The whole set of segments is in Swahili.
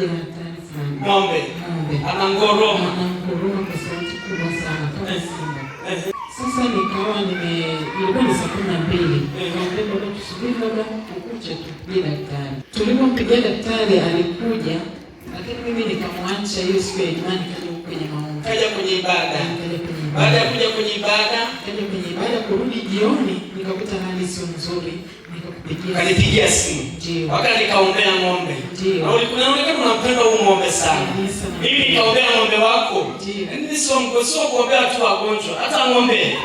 mmoja wa hatari sana, ng'ombe anangoroma anangoroma kwa sauti kubwa sana eh. Eh. Sasa nikawa nime ilikuwa ni saa kumi na mbili eh. naambia baba, tusubiri labda kukucha tupige daktari. Tulipompigia daktari alikuja, lakini mimi nikamwacha hiyo siku ya Ijumaa, nikaja kwenye maombi, kaja kwenye ibada. Baada ya kuja kwenye ibada, kaja kwenye ibada, kurudi jioni nikakuta hali sio nzuri, nikakupigia, kanipigia simu, wakati nikaombea ng'ombe unaonekana unampenda huu ng'ombe sana. Mimi nikaombea ng'ombe wako, sio kuombea tu wagonjwa, hata ng'ombe.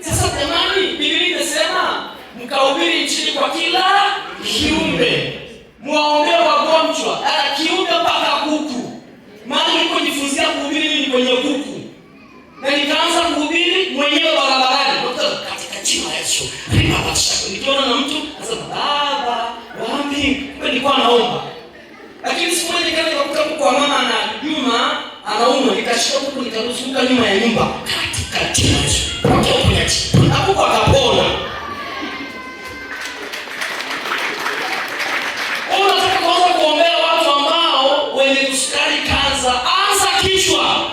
Sasa jamani, Biblia imesema mkahubiri injili kwa kila kiumbe, muwaombee wagonjwa, ala eh, kiumbe mpaka kuku. Maana nilipojifunzia kuhubiri mimi kwenye kuku, na nikaanza kuhubiri mwenyewe barabarani, katika jina la Yesu nikiona na mtu asema baba wa nilikuwa naomba, lakini siku moja nikaenda nikakuta mko wa mama na Juma anaumwa, nikashika huku nikazunguka nyuma ya nyumba katikati na kuku akapona. Unataka kuanza kuombea watu ambao wenye kusukari kansa, anza kichwa